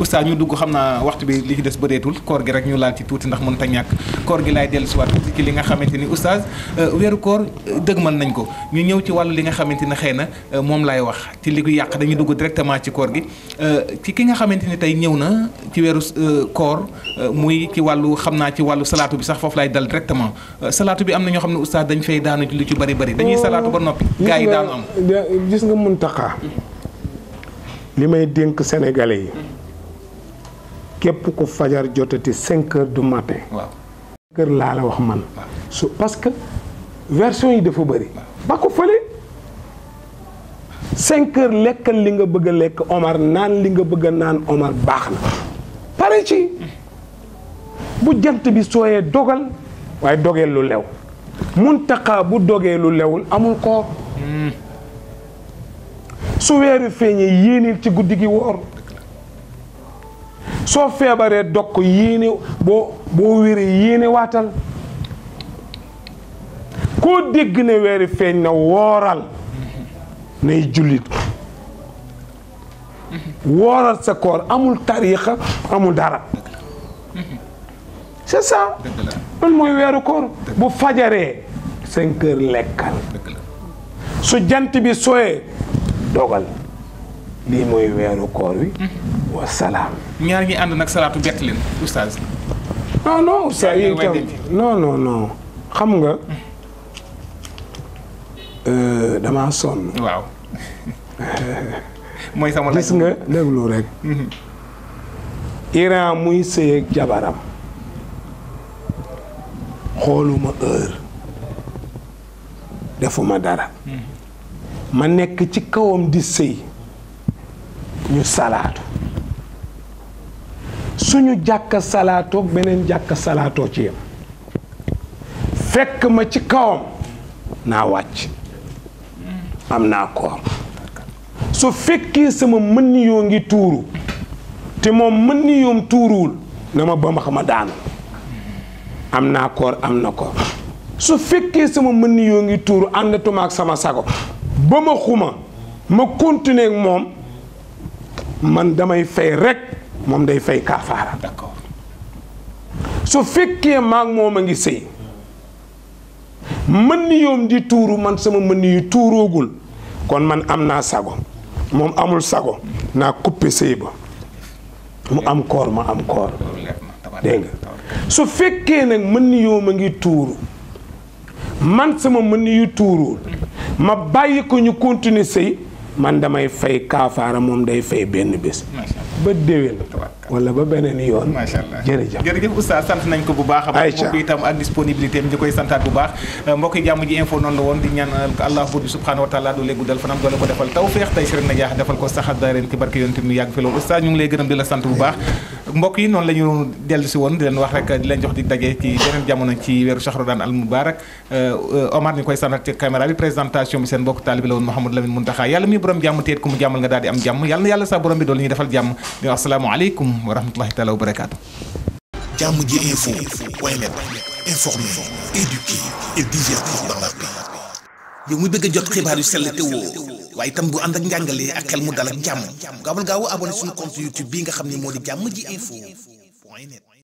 oustaz ñu dugg xam naa waxtu bi li ci des bëreetul koor gi rek ñu laal ci tuuti ndax mën ta ñàkk koor gi laay dellusiwaat tuuti ci li nga xamante ni oustaz euh, weeru koor euh, nañ ko ñu ñëw ci wàllu li nga xamante ne xëy na euh, moom laay wax ci li ko yàq dañuy dugg directement ci koor gi ci ki nga xamante ni tey ñëw na ci weeru koor muy ci wàllu xam naa ci wàllu salaatu bi sax foofu lay dal directement salaatu bi am na ñoo xam ne oustaz dañ fay daanu ci lu ci bari bari dañuy salaatu ba noppi gaa yi daanu am gis nga Muntaqa li may dénk sénégalais yi képp ku fajar jotati cinq heures du matin. waaw kër la wax man. su parce que version yi dafa bëri. ba ko fële. cinq lekkal li nga bëgg a lekk Omar naan li nga bëgg a naan Omar baax na pare ci bu jant bi sooyee dogal waaye dogee lu lew muntaqa bu dogee lu lewul amul koor hmm. su weeru feeñee yéenil ci guddi gi woor soo feebaree dog ko yéene boo boo wéree yéene waatal koo dégg ne weeri feeñ na wooral nay jullit wooral sa koor amul tariixa amul dara c'est ça loolu mooy weeru koor bu fajaree cinq heures lekkal su jant bi sooyee dogal lii mooy weeru koor wi wa salaam. ñaar ñi ànd nag salaatu bett leen oustaz. Ah, non non oustaz yi tam non non xam nga. Euh, damaa sonn. waaw. sama gis nga déglu rek. Mhm. Iran muy sëyeeg jabaram. xooluma heure. defuma dara. Mhm. ma nekk ci kawam di sëy ñu salaatu. suñu jàkka salaatoog beneen jàkka salaatoo ci yam fekk ma ci kawam naa wàcc am naa ko su fekkee sama mën yoo ngi tuuru te moom mën ni yoom tuuruwul na ma ba ma daanu am naa koor am na koor su fekkee sama mën yoo ngi tuuru àndatuma ak sama sago ba ma xuma moom man damay fay rekk moom day fay kaafaara su fekkee maag moom a ngi sëy mën ni yoom di tuuru man sama mën yu tuuroogul kon man am naa sago moom amul sago naa coupé mu am koor ma am koor dégg nga su fekkee nag mën ni ngi tuuru man sama mën yu tuuruwul ma bàyyi ko ñu continuer sëy man damay fay kaafaara moom day fay benn bés ba déwén. wala ba beneen yoon. macha allah jërëjëf jërëjëf oustaz sant nañ ko bu baax. ayca mbokk itam ak disponibilité am ñu koy santaat bu baax. Euh, mbokk yi jàmm ji info noonu la woon di ñaan euh, allah buur bi subhanahu wa du léegu dal fanam doole ko defal tawféex tey sëriñ na jaax defal ko saxaat daa ki barke yonent mi yàgg fi loolu oustaz ñu lay gërëm di sant bu baax mbokk yi noonu la ñu dellu si woon di leen wax rek di leen jox di daje ci beneen jamono ci weeru Shahradan al Mubarak euh, Omar ñu koy sanat ci caméra bi présentation bi seen mbokk taalibi la woon Mouhamadou Lamine Mountakha yàlla mi borom jàmm teet ku mu jàmmal nga daal di am jàmm yàlla na yàlla sa borom bi doolu ñuy defal jàmm di wax asalaamaaleykum wa rahmatullahi taala wa barakaatu jàmm ji info point net informer éduquer et divertir dans la paix yow mu bëgg a waaye itam bu ànd ak njàngalee ak xel mu dal ak jàmm gaawal gaaw abonné suñu compte YouTube bii nga xam ne moo di jàmm ji info point net